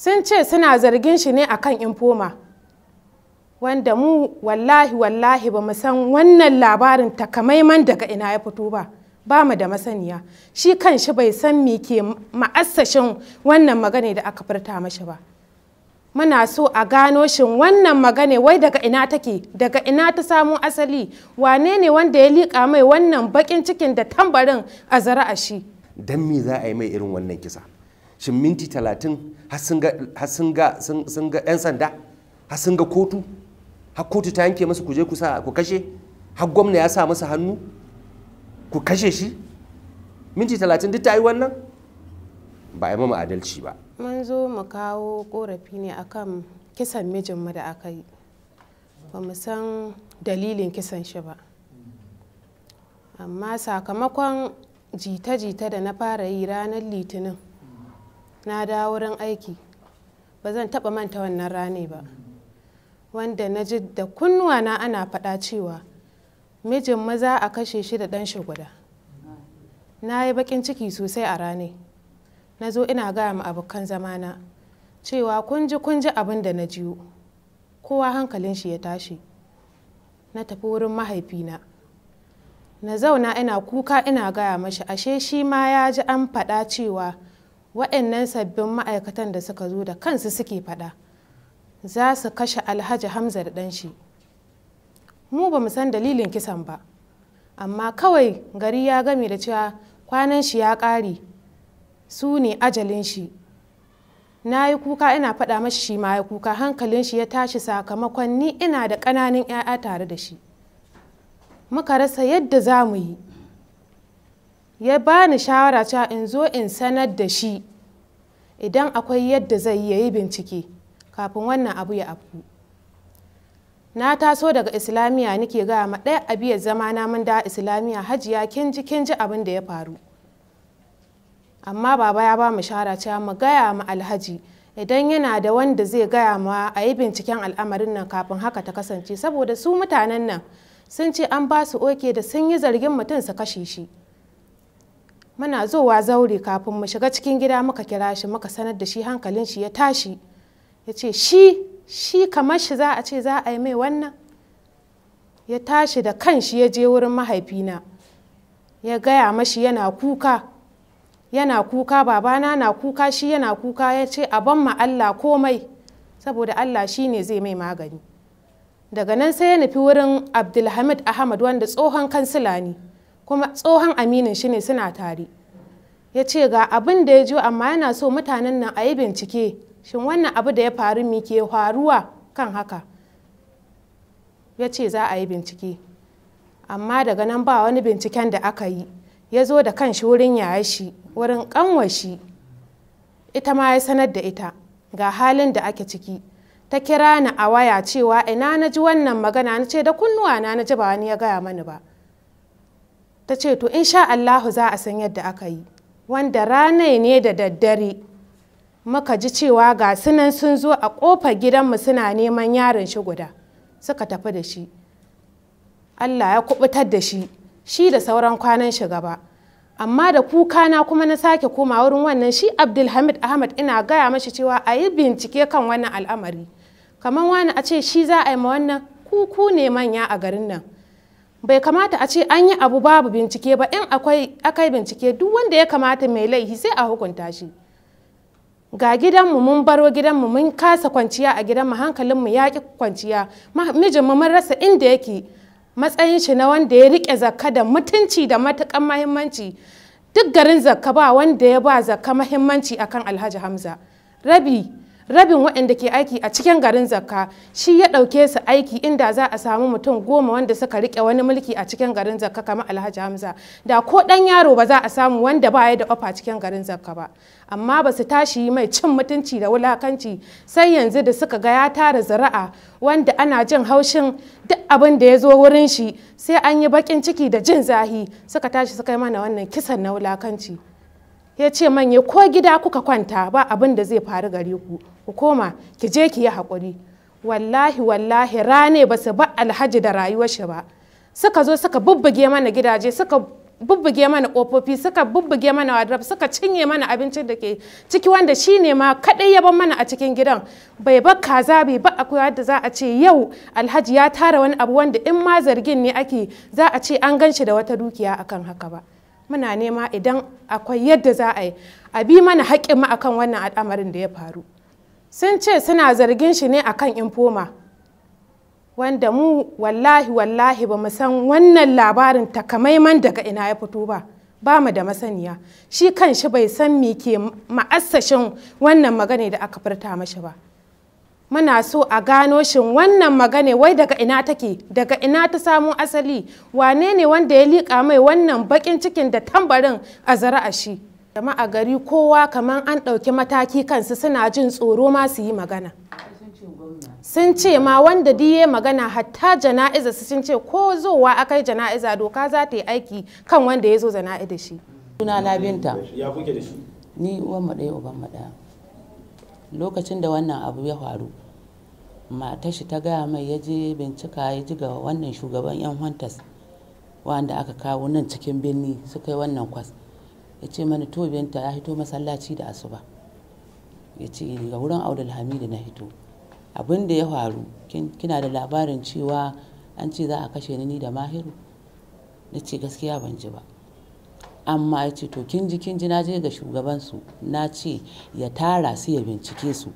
sun ce suna zargin shi ne akan infoma wanda mu wallahi wallahi ba mu san wannan labarin takamaiman daga ina ya fito ba ba mu da masaniya shi kan shi bai san me ke ma'assashin wannan magane da aka furta mashi ba muna so a gano shin wannan magane wai daga ina take daga ina ta samo asali wane ne wanda ya liƙa mai wannan baƙin cikin da tambarin a zara'a shi don me za a yi mai irin wannan kisa shin minti talatin sun ga 'yan sanda sun ga kotu har kotu ta yanke masa kuje kusa ku kashe har gwamna ya sa masa hannu ku kashe shi minti talatin duk ta yi wannan ba a yi mama adalci ba mun zo mu kawo korafi ne akan kisan mijinmu da aka yi ba mu san dalilin kisan shi ba amma sakamakon jita-jita da na fara yi ranar litinin na dawo wurin aiki ba zan taɓa manta wannan rani ba wanda na ji da kunnuwana ana faɗa cewa mijin maza a kashe shi da ɗan shi guda na yi baƙin ciki sosai a rani. na zo ina gaya ma abokan zamana cewa kun ji kun ji abin da na jiyo kowa hankalin shi ya tashi na tafi wurin mahaifina na zauna ina kuka ina gaya mashi ashe shi ma ya ji an faɗa cewa waɗannan sabbin ma'aikatan da suka zo da kansu suke faɗa za su kashe alhaji hamza da ɗanshi mu ba mu san dalilin kisan ba amma kawai gari ya game da cewa kwanan shi ya ƙare su ne ajalin shi na yi kuka ina faɗa mashi shi ma ya kuka hankalin shi ya tashi sakamakon ni ina da ƙananan 'ya'ya tare da shi muka rasa yadda za mu yi ya bani shawara cewa in zo in sanar da shi idan akwai yadda zai yi bincike kafin wannan abu ya afku na taso daga islamiyya nake gaya ma ɗaya abiyar zama na mun da islamiyya hajiya kin ji kin ji abin da ya faru amma baba ya ba mu shara cewa mu gaya ma alhaji idan yana da wanda zai gaya ma a yi binciken al'amarin nan kafin haka ta kasance saboda su mutanen nan sun ce an ba su oke da sun yi zargin mutum su kashe shi muna zowa zaure kafin mu shiga cikin gida muka kira shi muka sanar da shi hankalin shi ya tashi ya ce shi shi kamar shi za a ce za a yi mai wannan ya tashi da kanshi ya je wurin mahaifina ya gaya mashi yana kuka yana kuka babana na kuka shi yana kuka ya ce a ma Allah komai saboda Allah shi ne zai mai magani daga nan sai ya nufi wurin abdulhamid ahmad wanda tsohon kansila ne kuma tsohon aminin shi ne suna tare ya ce ga abin da ya ji amma yana so mutanen nan a yi bincike shin wannan abu da ya faru mi ke faruwa kan haka ya ce za a yi bincike amma daga nan ba wani binciken da aka yi ya zo da kan shi wurin yayashi wurin kanwashi ita ma ya sanar da ita ga halin da ake ciki ta kira ni a waya cewa ina na ji wannan magana na ce da kunnuwa na na ji ba wani ya gaya mani ba ta ce to insha Allahu za a san yadda aka yi wanda ranai ne da daddare muka ji cewa ga sunan sun zo a ƙofar gidanmu suna neman yaron shi guda suka tafi da shi Allah ya kubutar da shi shi da sauran kwanan shi gaba amma da kuka na kuma na sake koma wurin wannan shi abdulhamid ahmad ina gaya mashi cewa a yi bincike kan wannan al'amari kamar wani a ce shi za a yi ma wannan kuku ne manya a garin nan bai kamata a ce an yi abu babu bincike ba in akwai akai bincike duk wanda ya kamata mai laihi sai a hukunta shi ga gidanmu mun baro gidanmu mun kasa kwanciya a gidanmu hankalinmu ya ki kwanciya mijin mu mun rasa inda yake matsayin shi na wanda ya rike zakka da mutunci da matukan mahimmanci duk garin zakka ba wanda ya ba zakka mahimmanci akan alhaji hamza rabi rabin waɗanda ke aiki a cikin garin zakka shi ya ɗauke su aiki inda za a samu mutum goma wanda suka riƙe wani mulki a cikin garin zakka kamar alhaji hamza da ko ɗan yaro ba za a samu wanda ba ya da ofa cikin garin zakka ba amma ba su tashi mai cin mutunci da wulakanci sai yanzu da suka ga ya tara zara'a wanda ana jin haushin duk abin da ya zo wurin shi sai an yi bakin ciki da jin zahi suka tashi suka yi mana wannan kisan na wulakanci ya ce manye ko gida kuka kwanta ba abin da zai faru gare ku ku koma ki je ki yi hakuri wallahi wallahi rane ba su ba alhaji da rayuwar shi ba suka zo suka bubbuge mana gidaje suka bubbuge mana kofofi suka bubbuge mana wadrap suka cinye mana abincin da ke ciki wanda shi ne ma kadai ya ban mana a cikin gidan bai bar kaza bai ba akwai yadda za a ce yau alhaji ya tara wani abu wanda in ma zargin ne ake za a ce an gan shi da wata dukiya akan haka ba muna nema idan akwai yadda za a yi a bi mana haƙƙin mu akan wannan al'amarin da ya faru sun ce suna zargin shi ne akan infoma wanda mu wallahi wallahi ba mu san wannan labarin takamaiman daga ina ya fito ba ba mu da masaniya shi kan shi bai san me ke ma'assashin wannan magana da aka furta mashi ba muna so a gano shin wannan magane wai daga ina take daga ina ta samu asali wane ne wanda ya liƙa mai wannan baƙin cikin da tambarin a zara'a shi jama'a gari kowa kamar an ɗauki mataki kansu suna jin tsoro ma su yi magana sun ce ma wanda diye magana hatta jana'iza su sun ce ko zowa akai jana'iza doka za ta yi aiki kan wanda ya zo jana'i shi. lokacin da wannan abu ya faru matar shi ta gaya mai ya je bincika ya ji ga wannan shugaban yan hantas wanda aka kawo nan cikin birni suka yi wannan kwas ya ce mana to binta ya hito masallaci da asuba ya ce ga wurin hamidu na hito abin da ya faru kina da labarin cewa an ce za a kashe ni da mahiru na ce gaskiya ban ji ba amma ya ce to kin ji ji na je ga shugabansu na ce ya tara su ya bincike su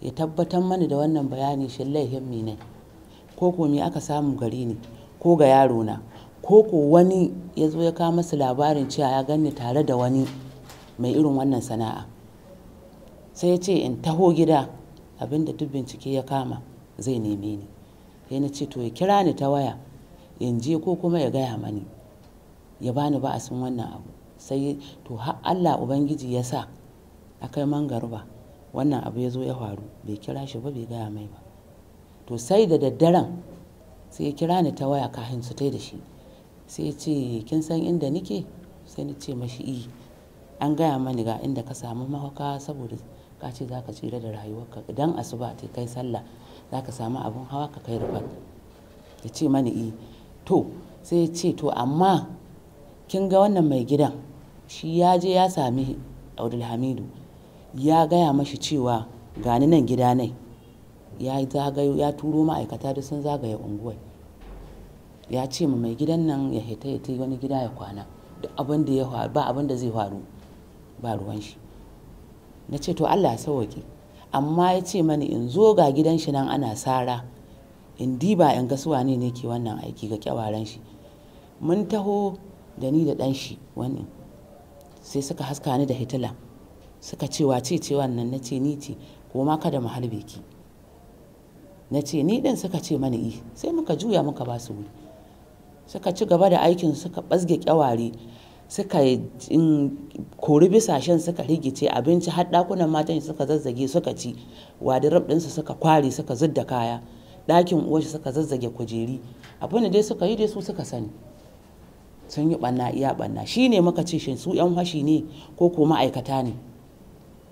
ya tabbatar mani da wannan bayani shin laihin mi ne ko ko me aka samu gari ne ko ga yaro na ko ko wani ya zo ya kawo masa labarin cewa ya ganni tare da wani mai irin wannan sana'a sai ya ce in taho gida abinda duk bincike ya kama zai neme ni sai na ce to ya kira ni ta waya in je ko kuma ya gaya mani ya bani ba a sun wannan abu sai to har Allah ubangiji ya sa akai mangarba wannan abu ya zo ya faru bai kira shi ba bai gaya mai ba to sai da daddaren sai ya kira ni ta waya ka kafin su tai da shi sai ya ce kin san inda nike sai ni ce mashi i e, an gaya mani ga inda ka samu mahauka saboda ka ce za ka tsira da rayuwarka idan asuba ta kai sallah za ka samu abun hawa ka kai rufar ya ce mani i e, to sai ya ce to amma kin ga wannan mai gidan shi ya je ya sami abdulhamidu ya gaya mashi cewa gani nan gida nai ya zagayo ya turo ma'aikata da sun zagaya unguwar ya ce ma mai gidan nan ya hita ya ta wani gida ya kwana ba abin da zai faru ba ruwan shi na ce to allah sauwaƙe amma ya ce mani in zo ga gidan shi nan ana sara in diba in ga suwa ne ne ke wannan aiki ga kyawaran shi mun taho da ni da ɗan shi wannan sai suka haska ni da hitila suka ce wace ce wannan na ce ni ce ko ma kada mu harbe ki na ce ni din suka ce mana yi eh. sai muka juya muka ba su wuri suka ci gaba da aikin suka ɓazge kyaware suka kori bisashen suka rigice abinci har ɗakunan matan suka zazzage suka ci wadirab ɗinsu suka kware suka zudda kaya ɗakin uwarshi suka zazzage kujeri abin da dai suka yi dai su suka sani sun yi banna iya banna shi ne muka ce shin su yan hashi ne ko ko ma'aikata ne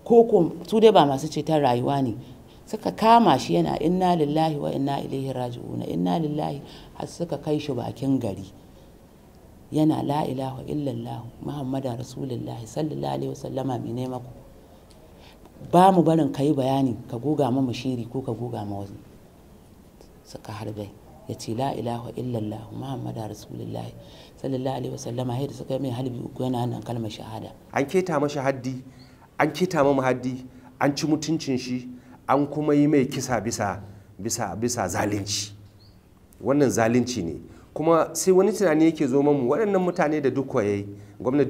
ko ko su dai ba masu cetar rayuwa ne suka kama shi yana inna lillahi wa inna ilaihi raji'una inna lillahi har suka kai shi bakin gari yana la ilaha illallah muhammadan rasulullahi sallallahu alaihi wasallama mai nema ba mu barin ka bayani ka goga ma shiri ko ka goga ma wani suka harbe ya ce la ilaha illallah muhammadu rasulullahi sallallahu alaihi wasallama da suka mai halbi uku yana hannun kalmar shahada an keta masa haddi an keta ma haddi an ci mutuncin shi an kuma yi mai kisa bisa bisa bisa zalunci wannan zalunci ne kuma sai wani tunani yake zo mamu waɗannan mutane da dukwaye gwamna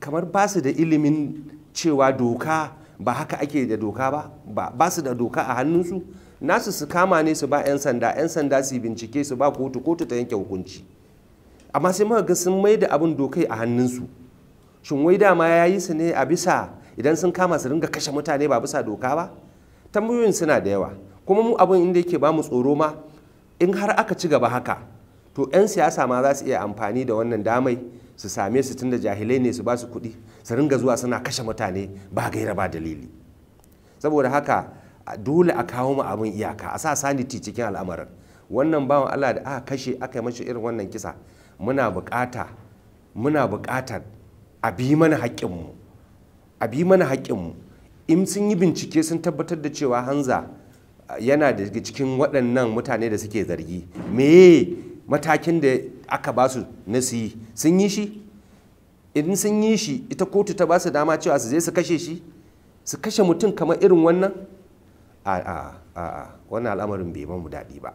kamar ba su da ilimin cewa doka ba haka ake da doka ba ba su da doka a hannunsu nasu su kama ne su ba 'yan sanda 'yan sanda su bincike su ba kotu kotu ta yanke hukunci amma sai muka ga sun mai da abin dokai a hannunsu shin wai dama ya yi su ne a bisa idan sun kama su ringa kashe mutane ba bisa doka ba tambayoyin suna da yawa kuma mu abin inda yake ba mu tsoro ma in har aka ci gaba haka to 'yan siyasa ma za su iya amfani da wannan damai su same su tun da jahilai ne su ba su kuɗi su ringa zuwa suna kashe mutane ba gaira ba dalili saboda haka dole a kawo mu abin iyaka a sa sanity cikin al'amarin wannan bawan Allah da aka kashe aka yi mashi irin wannan kisa muna bukata muna bukatar a bi mana haƙƙinmu mu. bi mana haƙƙinmu in sun yi bincike sun tabbatar da cewa hanza yana daga cikin waɗannan mutane da suke zargi me matakin da aka ba su na siyi yi sun yi shi idan sun yi shi ita kotu ta ba su dama cewa su je su kashe shi su kashe mutum kamar irin wannan a'a wannan al'amarin bai mamu daɗi ba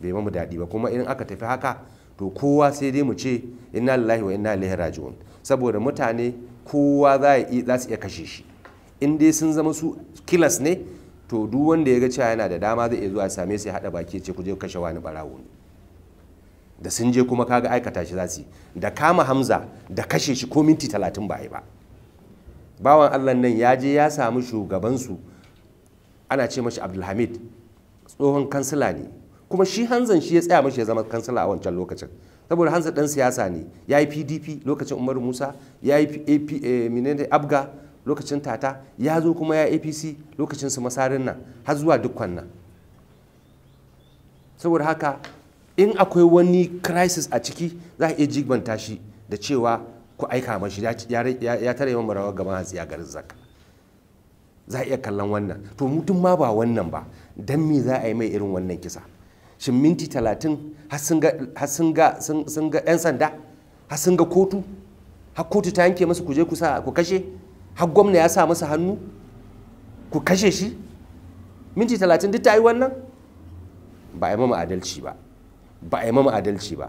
bai mamu daɗi ba kuma in aka tafi haka to kowa sai dai mu ce inna lillahi wa inna ilaihi raji'un saboda mutane kowa za su iya kashe shi in dai sun zama su kilas ne to duk wanda ya ga cewa yana da dama zai iya zuwa same su ya haɗa baki ce ku je kashe wani barawo ne da sun je kuma kaga aikata shi za su yi. da kama hamza da kashe shi ko minti talatin ba yi ba bawan allah nan ya je ya samu shugabansu ana ce mashi abdulhamid tsohon kansila ne kuma shi hanzan shi ya tsaya mashi ya zama kansila a wancan lokacin saboda hanza dan siyasa ne ya yi pdp lokacin umaru musa ya yi eh, abga lokacin tata ya zo kuma ya apc lokacin su masarin nan har zuwa dukkan nan saboda haka in akwai wani crisis a ciki za a iya jigbanta shi da cewa ku aika mashi ya tare yawan marawar gaban hatsi a garin zaka za a iya kallon wannan to mutum ma ba wannan ba dan me za a yi mai irin wannan kisa shin minti talatin har sun ga 'yan sanda har sun ga kotu har kotu ta yanke masa kuje kusa ku kashe har gwamna ya sa masa hannu ku kashe shi minti talatin duk ta yi wannan ba a yi mama adalci ba ba a yi mama adalci ba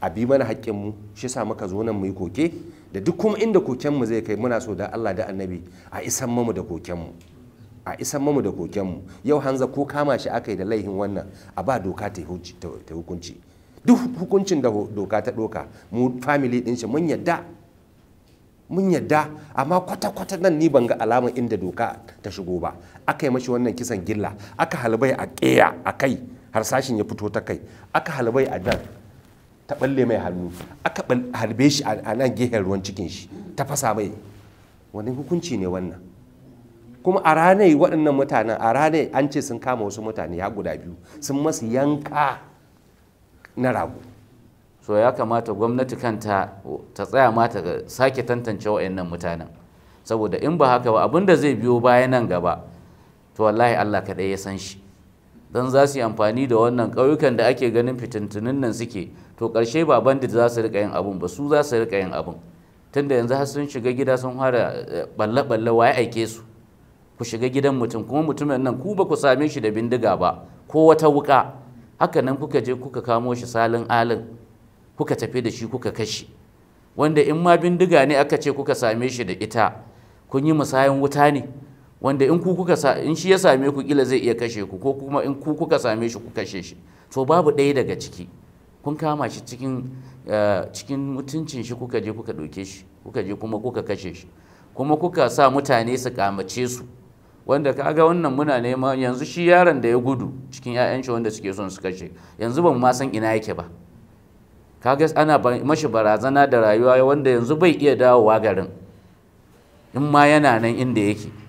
a bi mana haƙƙinmu shi sa muka zo nan mu yi koke da duk kuma inda kokenmu zai kai muna so da Allah da annabi a isan mamu da kokenmu a isan mamu da kokenmu yau hanza ko kama shi aka yi da laihin wannan a ba doka ta hukunci duk hukuncin da doka ta doka mu family din shi mun yadda mun yadda amma kwata-kwata nan ni ban ga alamar inda doka ta shigo ba aka yi mashi wannan kisan gilla aka halibai a ƙeya a kai harsashin ya fito ta kai aka halibai a dan. ta balle mai hannu aka harbe shi a nan gehen ruwan cikin shi ta fasa mai wani hukunci ne wannan kuma a ranar waɗannan mutanen a ranar an ce sun kama wasu mutane ya guda biyu sun masu yanka na rago so ya kamata gwamnati kanta ta tsaya mata ga sake tantance waɗannan mutanen saboda in ba haka ba abin da zai biyo baya nan gaba to wallahi Allah kaɗai ya san shi don za su yi amfani da wannan ƙauyukan da ake ganin fitintunin nan suke to ƙarshe ba bandit za su riƙa yin abu ba su za su riƙa yin abun tunda yanzu har sun shiga gida sun fara balle-balle eh, waye aike su ku shiga gidan mutum kuma mutumin nan ku ba ku same shi da bindiga ba ko wata wuka haka nan kuka je kuka kamo shi salin alin kuka tafi da shi kuka kashi wanda in ma bindiga ne aka ce kuka same shi da ita kun yi musayan wuta ne wanda in ku kuka sa in shi ya same ku kila zai iya kashe ku ko kuma in ku kuka same shi ku kashe shi to babu ɗaya daga ciki kun kama shi cikin eh, cikin mutuncin shi kuka je kuka ɗauke shi kuka je kuma kuka kashe shi kuma kuka sa mutane su kamace su wanda kaga wannan muna nema yanzu shi yaron da ya gudu cikin 'ya'yan shi wanda suke son su kashe yanzu ban ma san ina yake ba kaga ana mashi barazana da rayuwa wanda yanzu bai iya dawowa garin in ma yana nan inda yake